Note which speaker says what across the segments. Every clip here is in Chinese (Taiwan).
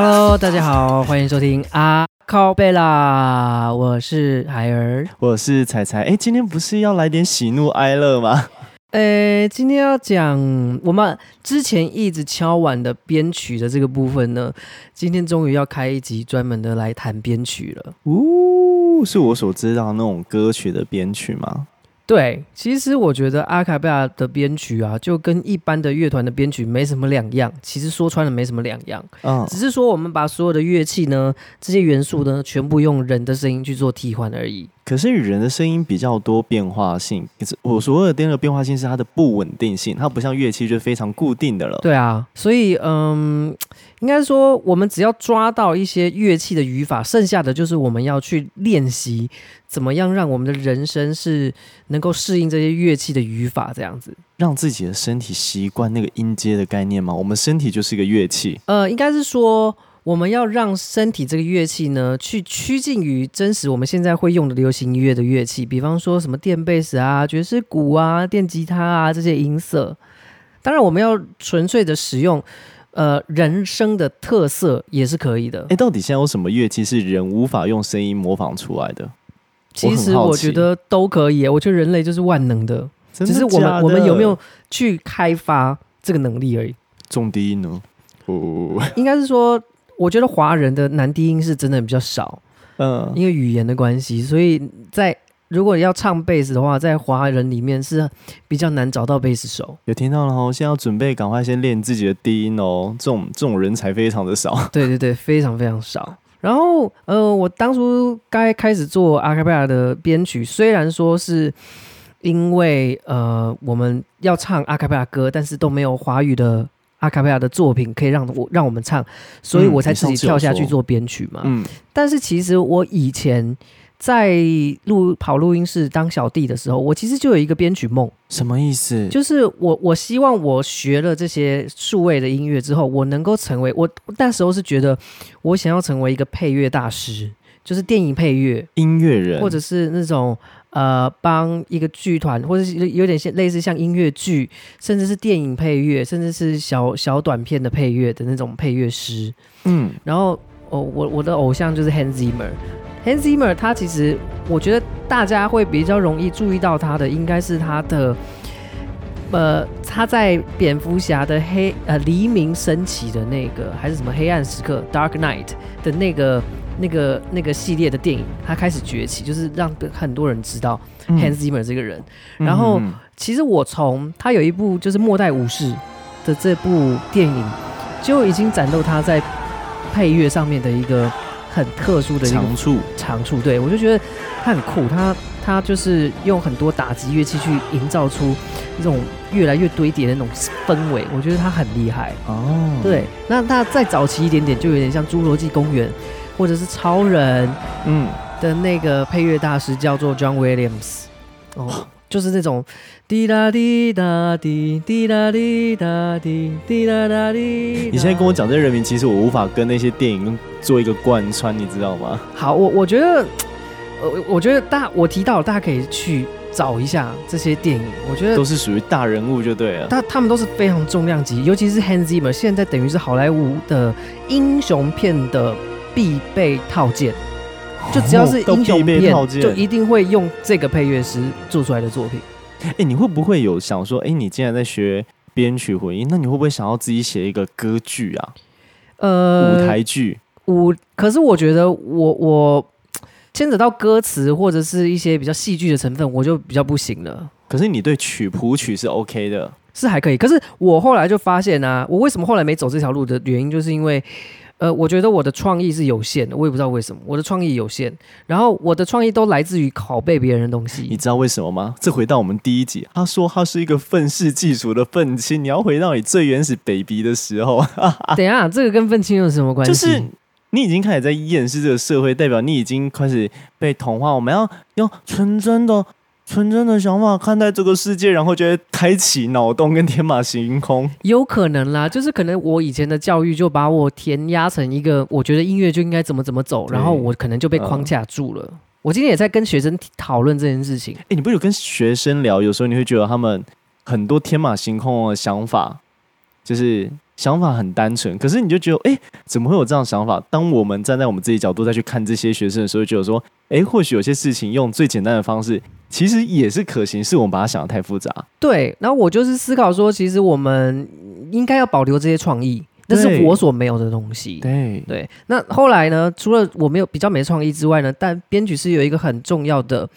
Speaker 1: Hello，大家好，歡迎收聽阿靠貝拉，我是海兒，我是彩彩。哎，今天不是要來點喜怒哀樂嗎？誒，
Speaker 2: 今天要講我們之前一直敲碗的編曲的這個部分呢，今天終於要開一集專門的來談編曲了。
Speaker 1: 嗚、哦，是我所知道的那種歌曲的編曲嗎？
Speaker 2: 對，其實我覺得阿卡貝拉的編曲啊，就跟一般的樂團的編曲沒什麼兩樣。其實說穿了沒什麼兩樣，哦，只是說我們把所有的樂器呢，這些元素呢，全部用人的聲音去做替換
Speaker 1: 而已。可是人的聲音比較多變化性，可是我所謂的顛的變化性是它的不穩定性，它不像樂器就非常固定的了。
Speaker 2: 對啊，所以嗯，應該說我們只要抓到一些樂器的語法，剩下的就是我們要去練習怎麼樣讓我們的人聲是能夠適應這些樂器的語法，這樣子，
Speaker 1: 讓自己的身體習慣那個音階的概念嗎？我們身體就是一個樂器。
Speaker 2: 呃，應該是說。我們要讓身體這個樂器呢，去趨近於真實。我們現在會用的流行音樂的樂器，比方說什麼電貝斯啊、爵士鼓啊、電吉他啊這些
Speaker 1: 音色。當然，我們要純粹的使用呃人聲的特色也是可以的。哎、欸，到底現在有什麼樂器是人無法用聲音模仿出來的？其實我覺
Speaker 2: 得都可以。我覺得人類就是萬能的，只是我們我們有沒有去開發這個能力而已。
Speaker 1: 重低音呢？哦，
Speaker 2: 應該是說。我覺得華人的男低音是真的比較少，嗯，因為語言的關係，所以在如果要唱貝斯的話，在華人裡面是比較難找到貝
Speaker 1: 斯手。有聽到了，我現在要準備，趕快先練自己的低音哦。這種這種人才非常的少，對對對，非常非常少。
Speaker 2: 然後呃，我當初該開始做阿卡貝拉的編曲，雖然說是因為呃我們要唱阿卡貝拉歌，但是都沒有華語的。阿卡貝拉的作品可以讓我讓我們唱，所以我才自己跳下去做編曲嘛。嗯，但是其實我以前在錄跑錄音室當小弟的時候，我其實就有一個編曲夢。什麼意思？就是我我希望我學了這些數位的音樂之後，我能夠成為我那時候是覺得我想要成為一個配樂大師，就是電影配樂，音樂人，或者是那種。呃，幫一個劇團，或者是有點像類似像音樂劇，甚至是電影配樂，甚至是小小短片的配樂的那種配樂師。嗯，然後哦，我我的偶像就是 Hans Zimmer。 Hans Zimmer 他其實，我覺得大家會比較容易注意到他的，應該是他的，呃，他在蝙蝠俠的黑呃黎明升起的那個，還是什麼黑暗時刻 Dark Knight 的那個。那個那個系列的電影，他開始崛起，就是讓很多人知道、嗯、Hans Zimmer 這個人。然後，嗯、哼其實我從他有一部就是《末代武士》的這部電影，就已經展露他在配樂上面的一個很特殊的長處。長處，對我就覺得他很酷，他他就是用很多打擊樂器去營造出那種越來越堆疊的那種氛圍。我覺得他很厲害哦。對，那那再早期一點點，就有點像侏羅紀公園《侏羅紀公園》。或者是超人，嗯，的那個配樂
Speaker 1: 大師叫做 John Williams，哦，oh, 哇就
Speaker 2: 是那種滴答滴答滴滴答滴答滴滴答滴。你
Speaker 1: 現在跟我講這些人名，其實我無法跟那些電影做一個貫穿，你知道嗎？好，我我覺
Speaker 2: 得，我覺得大我提到大家可以去找一下這些電影，我覺得都是
Speaker 1: 屬於大人物就對了。他
Speaker 2: 他們都是非常重量級，尤其是 Hans Zimmer，、e、現在等於是好萊塢的英雄片的，必備套件，就只要是音樂片，套件就一定會用
Speaker 1: 這個配樂師做出來的作品。哎、欸，你會不會有想說，哎、欸，你既然在學編曲混音，那你會不會想要自己寫一個歌劇啊？
Speaker 2: 呃，舞台劇，舞……」可是我覺得我，我我牽扯到歌詞或者是一些比較戲劇的成分，我就比較不行了。可是你對曲譜曲是 OK 的？是還可以。可是我後來就發現啊，我為什麼後來沒走這條路的原因，就是因為。呃，我覺得我的創意是有限的，我也不知道為什麼，我的創意有限。然後我的創意都來
Speaker 1: 自於拷貝別人的東西。你知道為什麼嗎？這回到我們第一集，他說他是一個憤世嫉俗的憤青，你要回到你最原始 baby 的時候。哈哈，等一下，這個跟憤青有什麼關係？就是你已經開始在厭世這個社會，代表你已經開始被同化。我們要用純真的。純真的想法看待這個世界，然後覺得開啟腦洞跟天馬行空，
Speaker 2: 有可能啦。就是可能我以前的教育就把我填壓成一個，我覺得音樂就應該怎麼怎麼走，對然後我可能就被框架住了。呃、我今天也在跟
Speaker 1: 學生討論這件事情。哎，你不是有跟學生聊，有時候你會覺得他們很多天馬行空的想法，就是。嗯想法很單純，可是你就覺得，哎，怎麼會有這樣的想法？當我們站在我們自己角度再去看這些學生的時候，就覺得說，哎，或許有些事情用最簡單的方式，其實也是可行，是我們把它想得太複雜。
Speaker 2: 對，然後我就是思考說，其實我們應該要保留這些創意，那是我所沒有的東西。對對，對，那後來呢？除了我沒有比較沒創意之外呢，但編曲是有一個很重要的。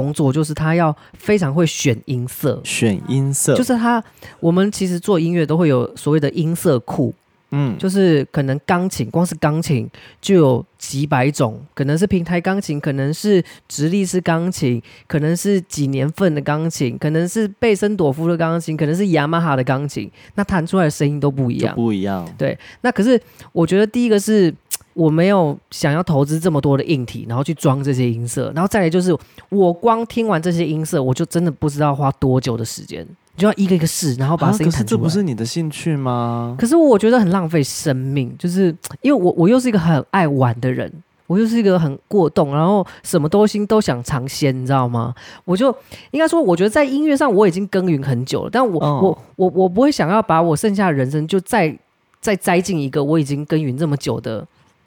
Speaker 2: 工作就是他要非常會選音色，選音色就是他。我們其實做音樂都會有所謂的音色庫，嗯，就是可能鋼琴，光是鋼琴就有幾百種，可能是平台鋼琴，可能是直立式鋼琴，可能是幾年份的鋼琴，可能是貝森朵夫的鋼琴，可能是雅馬哈的鋼琴，那彈出來的聲音都不一樣、不一樣。對，那可是我覺得第一個是，我沒有想要投資這麼多的硬體，然後去裝這些音色，然後再來就是我光聽完這些音色，我就真的不知道花多久的時間，你就要一個一個試，然後把聲音彈出來。啊、可是這不是你的興趣嗎？可是我覺得很浪費生命，就是因為我我又是一個很愛玩的人，我又是一個很過動，然後什麼東西都想嘗鮮，你知道嗎？我就應該說，我覺得在音樂上我已經耕耘很久了，但我、嗯、我我我不會想要把我剩下的人生就再再栽進一個我已經耕耘這麼
Speaker 1: 久的。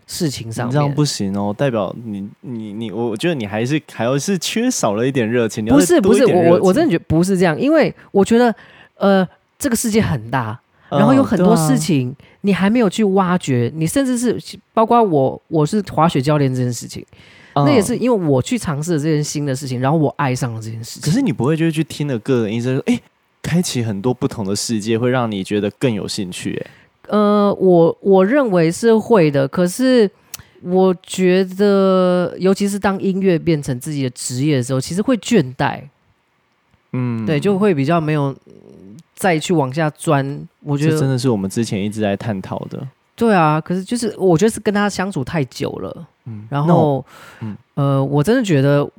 Speaker 1: 事情上，你這樣不行哦，代表你你你，我覺得你還是還要是缺少了一點熱情。情不是不是，我我真
Speaker 2: 的覺得不是這樣，因為我覺得呃，這個世界很大，然後有很多事情你還沒有去挖掘，嗯啊、你甚至是包括我，我是滑雪教練這件事情，嗯、那也是因為我去嘗試了這件新的事情，然後我愛上了這件事
Speaker 1: 情。可是你不會就是去聽了個人音聲說，哎、欸，開啟很多不同的世界，會讓你覺得更有興趣、欸，哎。
Speaker 2: 呃，我我認為是會的，可是我覺得，尤其是當音樂變成自己的職業的時候，其實會倦怠。
Speaker 1: 嗯，對，就
Speaker 2: 會比較沒有再去往下鑽。我覺得這真
Speaker 1: 的是我們之前一直在探討的。
Speaker 2: 對啊，可是就是我覺得是跟他相處太久了。
Speaker 1: 嗯，然後，嗯、呃，我真的覺得。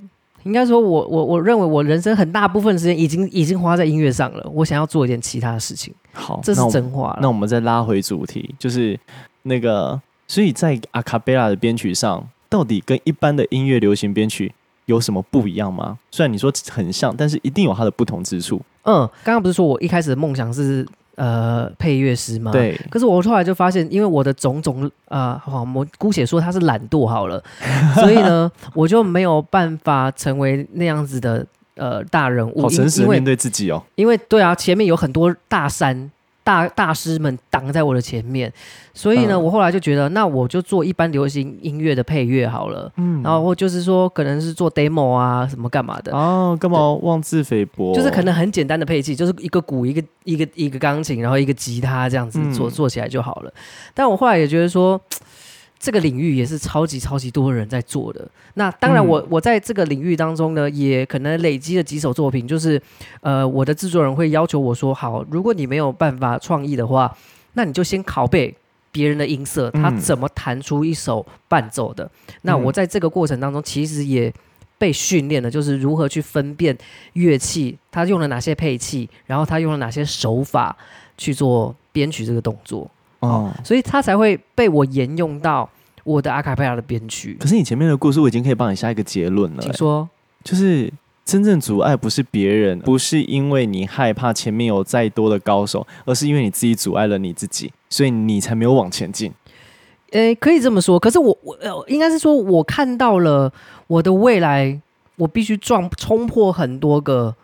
Speaker 2: 應該說我，我我我認為我人生很大部分時間已經已經花在音樂上了。我想要做一件其他的事情，
Speaker 1: 好，這是真話。那我們再拉回主題，就是那個，所以在阿卡貝拉的編曲上，到底跟一般的音樂流行編曲有什麼不一樣嗎？雖然你說很像，但是一定有它的不同之處。
Speaker 2: 嗯，剛剛不是說我一開始的夢想是。呃，配樂師嘛，對。可是我後來就發現，因為我的種種啊、呃，我姑且說他是懶惰好了， 所以呢，我就沒有辦法成為那樣子的呃大人物。好，誠實面對自己哦。因為，因為對啊，前面有很多大山。大大師們擋在我的前面，所以呢，嗯、我後來就覺得，那我就做一般流行音樂的配樂好了。嗯，然後或就是說，可能是做 demo 啊，什麼幹嘛的哦，啊、幹嘛妄自菲薄？就是可能很簡單的配器，就是一個鼓，一個一個一個鋼琴，然後一個吉他這樣子做、嗯、做起來就好了。但我後來也覺得說。這個領域也是超級超級多人在做的。那當然我，我、嗯、我在這個領域當中呢，也可能累積了幾首作品。就是，呃，我的制作人會要求我說：好，如果你沒有辦法創意的話，那你就先拷貝別人的音色，他怎麼彈出一首伴奏的。嗯、那我在這個過程當中，其實也被訓練了，就是如何去分辨樂器，他用了哪些配器，然後他用了哪些手法去做編曲這個動作。哦，嗯嗯、所以他才會被我沿用到我的阿卡貝拉的編曲。
Speaker 1: 可是你前面的故事，我已經可以幫你下一個結論了、欸。聽說，就是真正阻礙不是別人，不是因為你害怕前面有再多的高手，而是因為你自己阻礙了你自己，所以你才沒有往前進。
Speaker 2: 誒、欸，可以這麼說。可是我我應該是說，我看到了我的未來，我必須撞衝破很多個。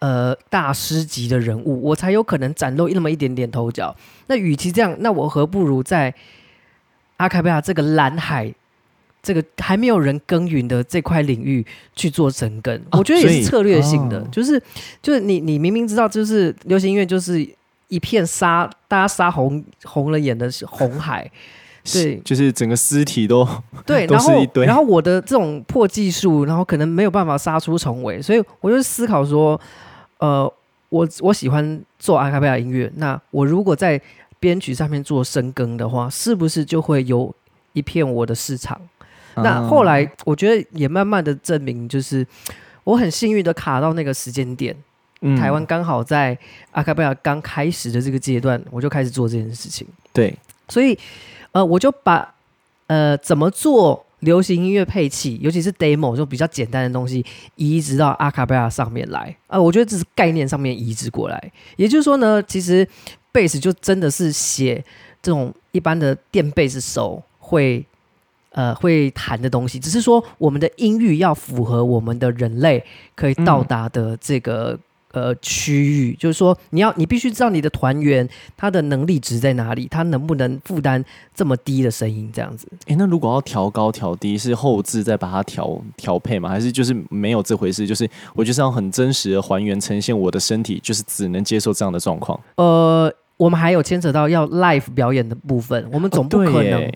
Speaker 2: 呃，大師級的人物，我才有可能展露那麼一點點頭角。那與其這樣，那我何不如在阿卡貝拉這個藍海，這個還沒有人耕耘的這塊領域去做深耕？哦、我覺得也是策略性的，哦、就是就是你你明明知道，就是流行音樂就是一片殺，大家殺紅紅了眼的是紅海，
Speaker 1: 是就是整個屍體都對，都是一堆，然後然後
Speaker 2: 我的這種破技術，然後可能沒有辦法殺出重圍，所以我就思考說。呃，我我喜歡做阿卡貝拉音樂。那我如果在編曲上面做深耕的話，是不是就會有一片我的市場？嗯、那後來我覺得也慢慢的證明，就是我很幸運的卡到那個時間點，嗯、台灣剛好在阿卡貝拉剛開始的這個階段，我就開始做這件事情。對，所以呃，我就把呃怎麼做。流行音樂配器，尤其是 demo 就比較簡單的東西，移植到阿卡貝拉上面來，啊、呃，我覺得這是概念上面移植過來。也就是說呢，其實貝斯就真的是寫這種一般的電貝斯手會，呃，會彈的東西，只是說我們的音域要符合我們的人類可以到達的這個。呃，區域就是說你，你要你必須知道你的團員他的能力值在哪裡，他能不能負擔這麼低的聲音這樣子？
Speaker 1: 哎、欸，那如果要調高調低，是後製再把它調調配嗎？還是就是沒有這回事？就是我就是要很真實的還原呈現我的身體，就是只能接受這樣的狀況。
Speaker 2: 呃，我們還有牽扯到要 live 表演的部分，我們總不可能。哦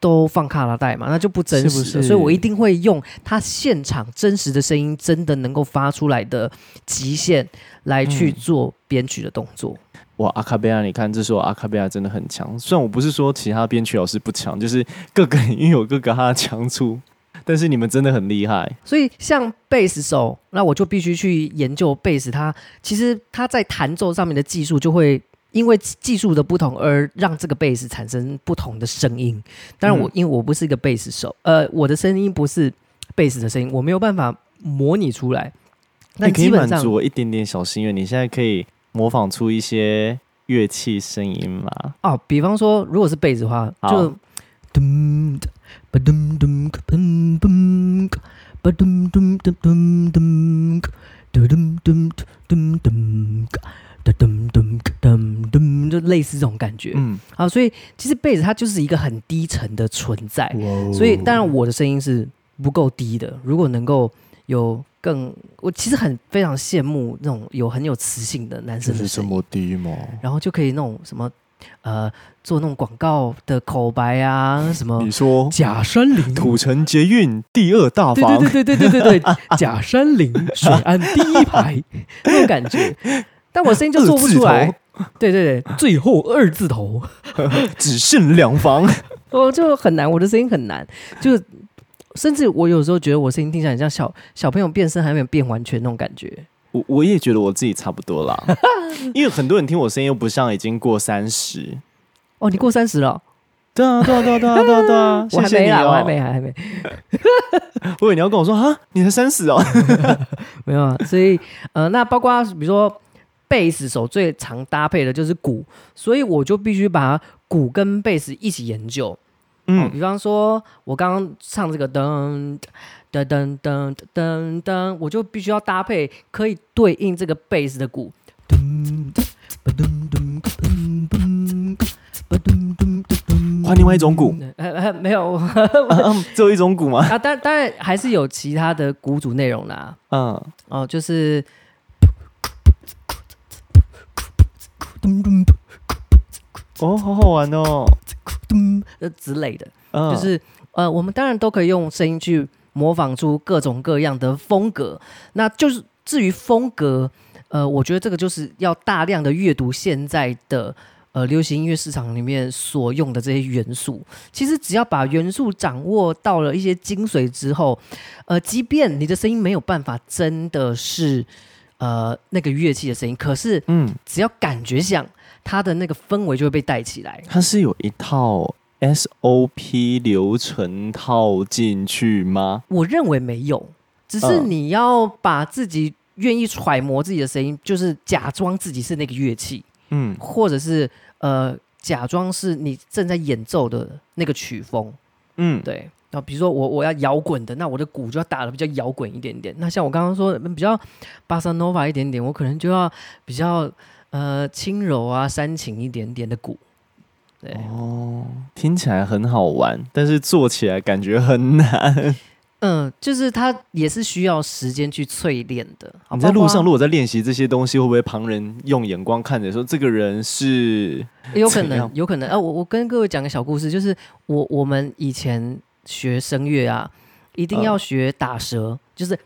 Speaker 2: 都放卡拉帶嘛，那就不真實，是不是？所以，我一定會用他現場真實的聲音，真的能夠發出來的極限來去做編曲的動
Speaker 1: 作。嗯、哇，阿卡貝拉，你看，這說阿卡貝拉真的很強。雖然我不是說其他編曲老師不強，就是各個因為有各個他的強處，但是你們真的很厲害。
Speaker 2: 所以，像貝斯手，那我就必須去研究貝斯。他其實他在彈奏上面的技術就會。因為技術的不同而讓這個貝斯產生不同的聲音。當然，我因為我不是一個貝斯手，呃，我的聲音不是貝斯的聲音，我沒有辦法模擬出來。
Speaker 1: 那基本上可以滿足我一點點小心願。你現在可以模仿出一些樂器聲音嗎？哦，比方說，如果是貝斯的話，就噔
Speaker 2: 噔噔噔噔噔噔噔噔噔噔噔噔噔。咚咚咚咚。噔，就類似這種感覺，嗯、啊、所以其實 Bass 它就是一個很低沉的存在。哦哦，所以當然我的聲音是不夠低的。如果能夠有更，我其實很非常羨慕那種有很有磁性的男生的聲音，這麼低嘛，然後就可以那種什麼，呃，做那種廣告的口白啊，
Speaker 1: 什麼你說假山林土城捷運第二大房，對對對對對對對， 假山林水岸第一排
Speaker 2: 那種感覺，但我聲音就做不出來。
Speaker 1: 對對對，最後二字頭， 只剩兩房，
Speaker 2: 我就很難，我的聲音很難，就甚至我有時候覺得我聲音聽起來很像小小朋友變聲還沒有變完全那種感覺。
Speaker 1: 我我也覺得我自己差不多啦， 因為很多人聽我聲音又不像已經過三十。 哦，你過三十了
Speaker 2: 哦？ 對啊，對啊，對啊，對啊，對啊！ 我還沒啦， 我還沒， 我還沒還沒。
Speaker 1: 我以為，你要跟我說啊，你才三十
Speaker 2: 哦？ 沒有啊，所以呃，那包括比如說。貝斯手最常搭配的就是鼓，所以我就必須把鼓跟貝斯一起研究。嗯、啊，比方說我剛剛唱這個噔噔噔噔噔噔，我就必須要搭配可以對應這個貝斯的鼓。
Speaker 1: 換另外一種鼓？
Speaker 2: 哎呃、沒有，只有一種鼓嘛。啊，當當然還是有其他的鼓組內容啦。嗯，哦，就是。哦，好好玩哦，之類的， 就是呃，我們當然都可以用聲音去模仿出各種各樣的風格。那就是至於風格，呃，我覺得這個就是要大量的閱讀現在的呃流行音樂市場裡面所用的這些元素。嗯。 其實只要把元素掌握到了一些精髓之後，呃，即便你的聲音沒有辦法，真的是。呃，那個樂器的聲音，可是，嗯，只要感覺像，嗯，它的那個氛圍就會被帶起來。
Speaker 1: 它是有一套 SOP 流程套進去嗎？
Speaker 2: 我認為沒有，只是你要把自己願意揣摩自己的聲音，就是假裝自己是那個樂器，嗯，或者是呃，假裝是你正在演奏的那個曲風，嗯，對。那比如說，我我要搖滾的，那我的鼓就要打得比較搖滾一點點。那像我剛剛說的比較巴塞諾瓦一點點，我可能就要比較呃輕柔啊、煽情一點點的鼓。對哦，
Speaker 1: 聽起來很好玩，但是做起來感覺很難。嗯，
Speaker 2: 就是他也是需要時間去淬煉的。好好在路上，如
Speaker 1: 果在練習這些東西，會不會旁人用眼光看着說這個人是、欸、有可能？
Speaker 2: 有可能啊！我、呃、我跟各位講個小故事，就是我我們以前。學聲樂啊，一定要學打舌，呃、就是，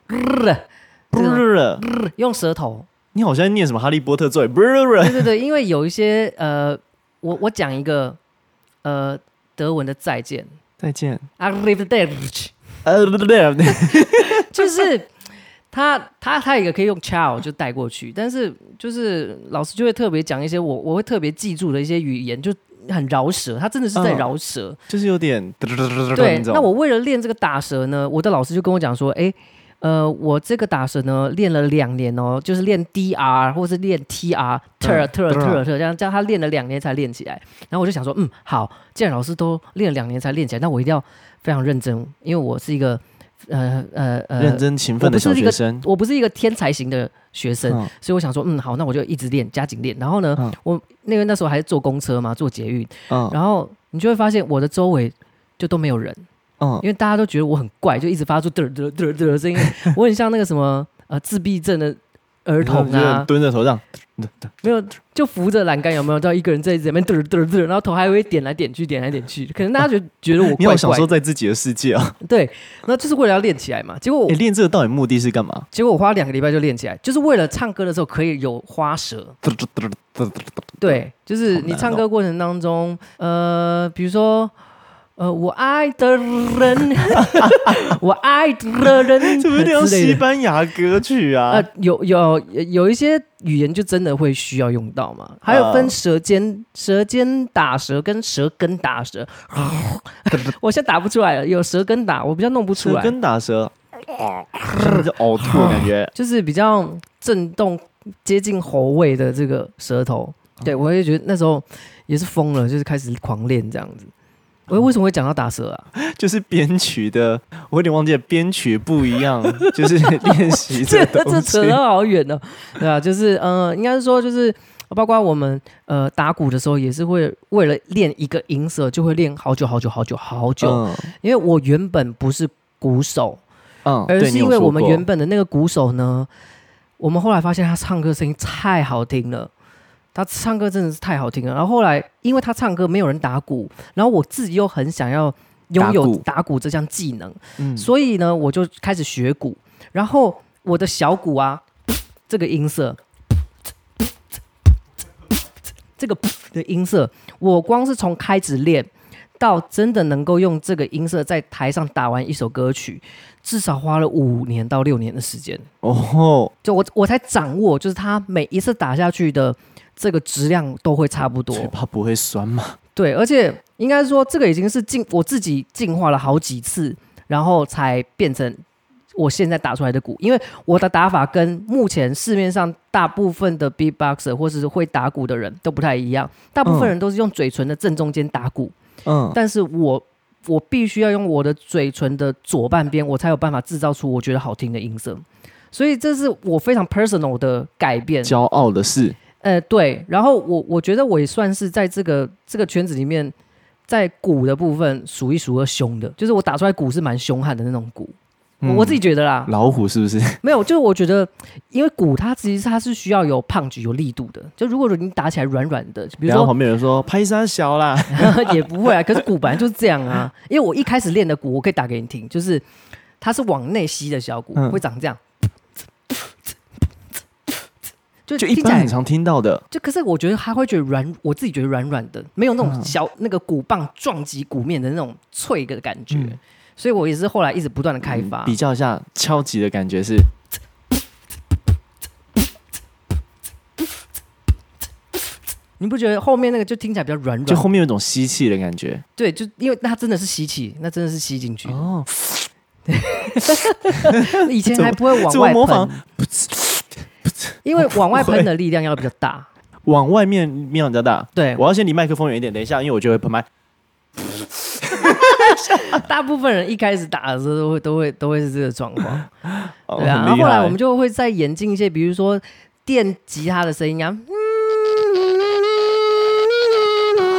Speaker 1: 用舌頭。你好像念什麼《哈利波特作為》作、呃、對對
Speaker 2: 對，因為有一些呃，我我講一個呃德文的再見，再見。Auf Wiedersehen
Speaker 1: 呃，不對，不對，
Speaker 2: 就是他他他也可以用 child 就帶過去，但是就是老師就會特別講一些我我會特別記住的一些語言，就。很饒舌，他真的是在饒
Speaker 1: 舌，嗯，就是有點。對，嗯、那我為
Speaker 2: 了練這個打舌呢，我的老師就跟我講說，哎，呃，我這個打舌呢，練了兩年哦，就是練 DR 或是練 TR 特特特特特，這樣叫他練了兩年才練起來。然後我就想說，嗯，好，既然老師都練了兩年才練起來，那我一定要非常認真，因為我是一個。呃呃呃，呃呃認真勤奮的小學生我，我不是一個天才型的學生，哦、所以我想說，嗯，好，那我就一直練，加緊練。然後呢，哦、我那個那時候還是坐公車嘛，坐捷運，哦、然後你就會發現我的周圍就都沒有人，哦、因為大家都覺得我很怪，就一直發出嘚嘚嘚嘚的聲音， 我很像那個什麼呃自閉症的。兒童啊，就
Speaker 1: 蹲在頭上，呃
Speaker 2: 呃、沒有，就扶着欄杆，有沒有？叫一個人在這邊嘚嘚嘚，然後頭還會點來點去，點來點去。可能大家覺得覺得我怪怪。啊、你好，想說
Speaker 1: 在自己的世界啊。
Speaker 2: 對，那就是為了要練起來嘛。結果我
Speaker 1: 練這個到底目的是幹嘛？
Speaker 2: 結果我花兩個禮拜就練起來，就是為了唱歌的時候可以有花舌。
Speaker 1: 嘚嘚嘚嘚嘚。
Speaker 2: 對、呃，就是你唱歌過程當中，呃，比如說。呃，我愛的人，我愛的人，怎麼這樣？西班牙歌曲啊，呃、有有有一些語言就真的會需要用到嘛？還有分舌尖、舌尖打舌跟舌根打舌。 我現在打不出來了，有舌根打，我比較弄不出來。舌根打舌，真的是
Speaker 1: 嘔吐感覺，就
Speaker 2: 是比較震動接近喉位的這個舌頭。對，我也覺得那時候也是瘋了，就是開始狂練這樣子。我為什麼會講
Speaker 1: 到打蛇啊？就是編曲的，我有點忘記了，編曲不一樣， 就是練習 這這扯了
Speaker 2: 好遠呢、啊，對吧、啊？就是嗯、呃、應該是說，就是包括我們呃打鼓的時候，也是會為了練一個音色，就會練好久好久好久好久。嗯、因為我原本不是鼓手，嗯，而是因為我們原本的那個鼓手呢，我們後來發現他唱歌聲音太好聽了。他唱歌真的是太好聽了，然後後來因為他唱歌沒有人打鼓，然後我自己又很想要擁有打鼓這項技能，嗯，所以呢我就開始學鼓。然後我的小鼓啊，這個音色，這個的音色，我光是從開始練到真的能夠用這個音色在台上打完一首歌曲，至少花了五年到六年的時間哦，oh. 就我我才掌握，就是他每一次打下去的。這個質量都會差不多，嘴巴不會酸嗎？對，而且應該說，這個已經是進我自己進化了好幾次，然後才變成我現在打出來的鼓。因為我的打法跟目前市面上大部分的 beatboxer 或者是會打鼓的人都不太一樣。大部分人都是用嘴唇的正中間打鼓，嗯，但是我我必須要用我的嘴唇的左半邊，我才有辦法制造出我覺得好聽的音色。所以這是我非常 personal 的改變，驕傲的事。呃，對，然後我我覺得我也算是在這個這個圈子裡面，在鼓的部分數一數二凶的，就是我打出來鼓是蠻凶悍的那種鼓，嗯、我自己覺得啦。老虎是不是？沒有，就是我覺得，因為鼓它其實它是需要有 punch 有力度的，就如果你打起來軟軟的，比如說旁邊有人說拍三小啦， 也不會啊。可是鼓本來就是這樣啊，因為我一開始練的鼓，我可以打給你聽，就是它是往內吸的小鼓，嗯、會長這樣。就就聽起來很，就一般很常
Speaker 1: 聽到的，
Speaker 2: 就可是我覺得還會覺得軟，我自己覺得軟軟的，沒有那種小、嗯、那個鼓棒撞擊鼓面的那種脆的感覺，嗯、所以我也是後來一直不斷的開發，嗯、比
Speaker 1: 較一下敲擊的感覺是，嗯、你不覺得後面那個就聽起來比較軟軟，就後面有一種吸氣的感覺，
Speaker 2: 對，就因為那它真的是吸氣，那真的是吸進去哦，對， 以前還不會往外噴。因為往外噴的力量要比較大，
Speaker 1: 往外面面量比較大。對，我要先離麥克風遠一點，等一下，因為我就會噴麥。 大部分人一開始打的時候都會都會都會是這個狀況，對啊。哦、然後後來我們就
Speaker 2: 會再演進一些，比如說電吉他的聲音啊，嗯，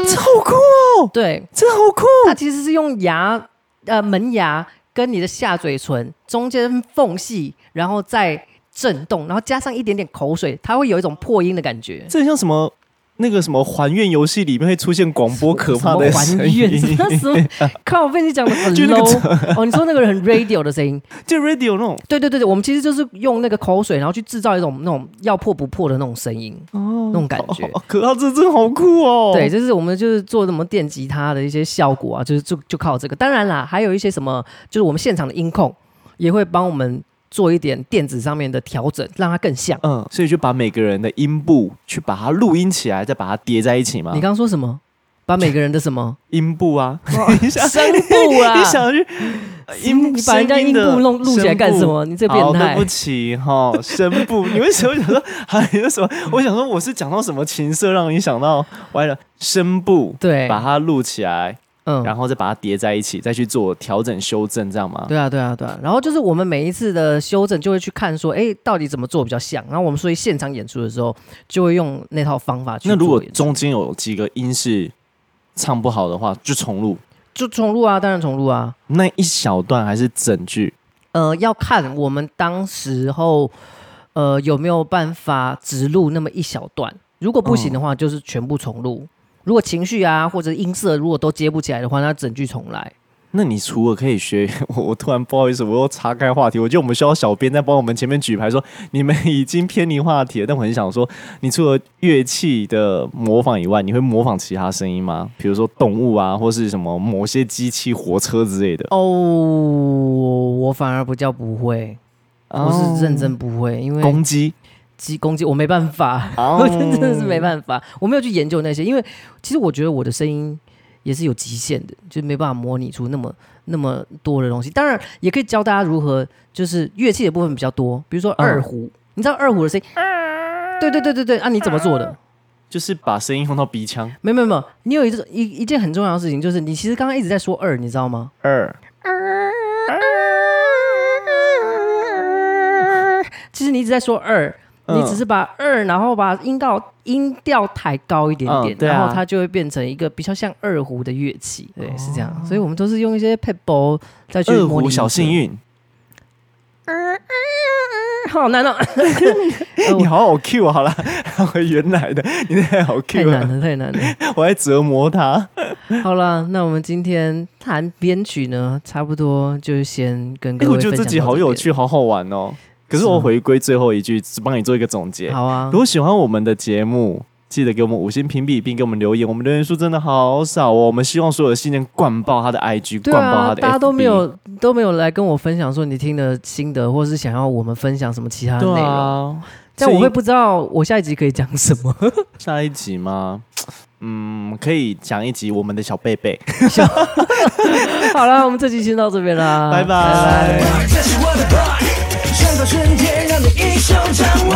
Speaker 2: 這好酷哦，對，這好酷。它其實是用牙呃門牙跟你的下嘴唇中間縫隙，然後再。震動，然後加上一點點口水，它會有一種破音的感覺。
Speaker 1: 這很像什麼？那個什麼還願遊戲裡面會出現廣播，可怕的聲音。還願是那時候，
Speaker 2: 靠，我被你講的很 low 哦！你說那個人很 radio 的聲音，就 radio 那種。對對對對，我們其實就是用那個口水，然後去製造一種那種要破不破的那種聲音哦，那種感覺。可他這真好酷哦！對，就是我們就是做什麼電吉他的一些效果啊，就是就就靠這個。當然啦，還有一些什麼，就是我們現場的音控也會幫我們。做一點
Speaker 1: 電子上面的調整，讓它更像。嗯，所以就把每個人的音部去把它錄音起來，再把它疊在一起嘛。你剛說什麼？把每個人的什麼音部啊？你想聲部啊？你，你想去、呃、聲音？你把人家音部弄錄，錄起來幹什麼？部你這變態！對不起哈、哦，聲部，你為什麼想說？ 還有什麼？我想說，我是講到什麼情色，讓你想到歪了？聲部對，把它錄起來。嗯，然後再把它疊在一起，再去做調整修正，這樣嗎？對啊，
Speaker 2: 對啊，對啊。然後就是我們每一次的修正，就會去看說，哎，到底怎麼做比較像。然後我們所以現場演出的時候，就會用那套方法去做。那如果
Speaker 1: 中間有幾個音是唱不好的話，就重錄？就重錄啊，當然重錄啊。那一小段還是整句？呃，要看我們當
Speaker 2: 時候呃有沒有辦法直錄那麼一小段，如果不行的話，嗯，就是全部重錄。如果情緒啊或者，音色如果都接不起來的話，那整句重來。
Speaker 1: 那你除了可以學，我突然不好意思，我又岔開話題。我覺得我們需要小編在幫我們前面舉牌說，說你們已經偏離話題了。但我很想說，你除了樂器的模仿以外，你會模仿其他聲音嗎？比如說動物啊，或是什麼某些機器、火車之類的。
Speaker 2: 哦，我反而比較不會，我是認真不會，哦、因為公雞。攻擊攻擊我沒辦法，真、oh. 真的是沒辦法。我沒有去研究那些，因為其實我覺得我的聲音也是有極限的，就沒辦法模擬出那麼那麼多的東西。當然也可以教大家如何，就是樂器的部分比較多，比如說二胡，oh. 你知道二胡的聲音？Uh. 對對對對對啊！你怎麼做的？
Speaker 1: 就是把聲音放到鼻腔？
Speaker 2: 沒有沒有沒，你有一一一件很重要的事情，就是你其實剛剛一直在說二，你知道嗎？二。啊啊啊！其實你一直在說二。嗯、你只是把二，然後把音高音調抬高一點點，然後它就會變成一個比較像二胡的樂器。對，是這樣。所以我們都
Speaker 1: 是用一些 pet ball 再去模擬二胡小幸運。嗯嗯
Speaker 2: 嗯，好難哦、喔！
Speaker 1: 你好好 Q 好了，原來的你真的好、啊、太好 Q 了，太難了， 我在折磨他。
Speaker 2: 好了，那我們今天談編曲呢，差不多就先跟各位分享到這邊。欸、我覺得自己好有
Speaker 1: 趣，好好玩哦、喔。可是我回歸最後一句，只幫你做一個總結。好啊！如果喜歡我們的節目，記得給我們五星評比，並給我們留言。我們留言數真的好少哦，我們希望所有的信念灌爆他的 IG，、啊、灌爆他的 FB。大家都沒有
Speaker 2: 都沒有來跟我分享說你聽的心得，或是想要我們分
Speaker 1: 享什麼其他的內容。
Speaker 2: 但、啊、這樣我會不
Speaker 1: 知道我下一集可以講什麼？下一集嗎？嗯，可以講一集我們的小貝貝。
Speaker 2: 好了，我們這集先到這邊啦，拜拜 bye。Bye bye 瞬間讓你一手掌握。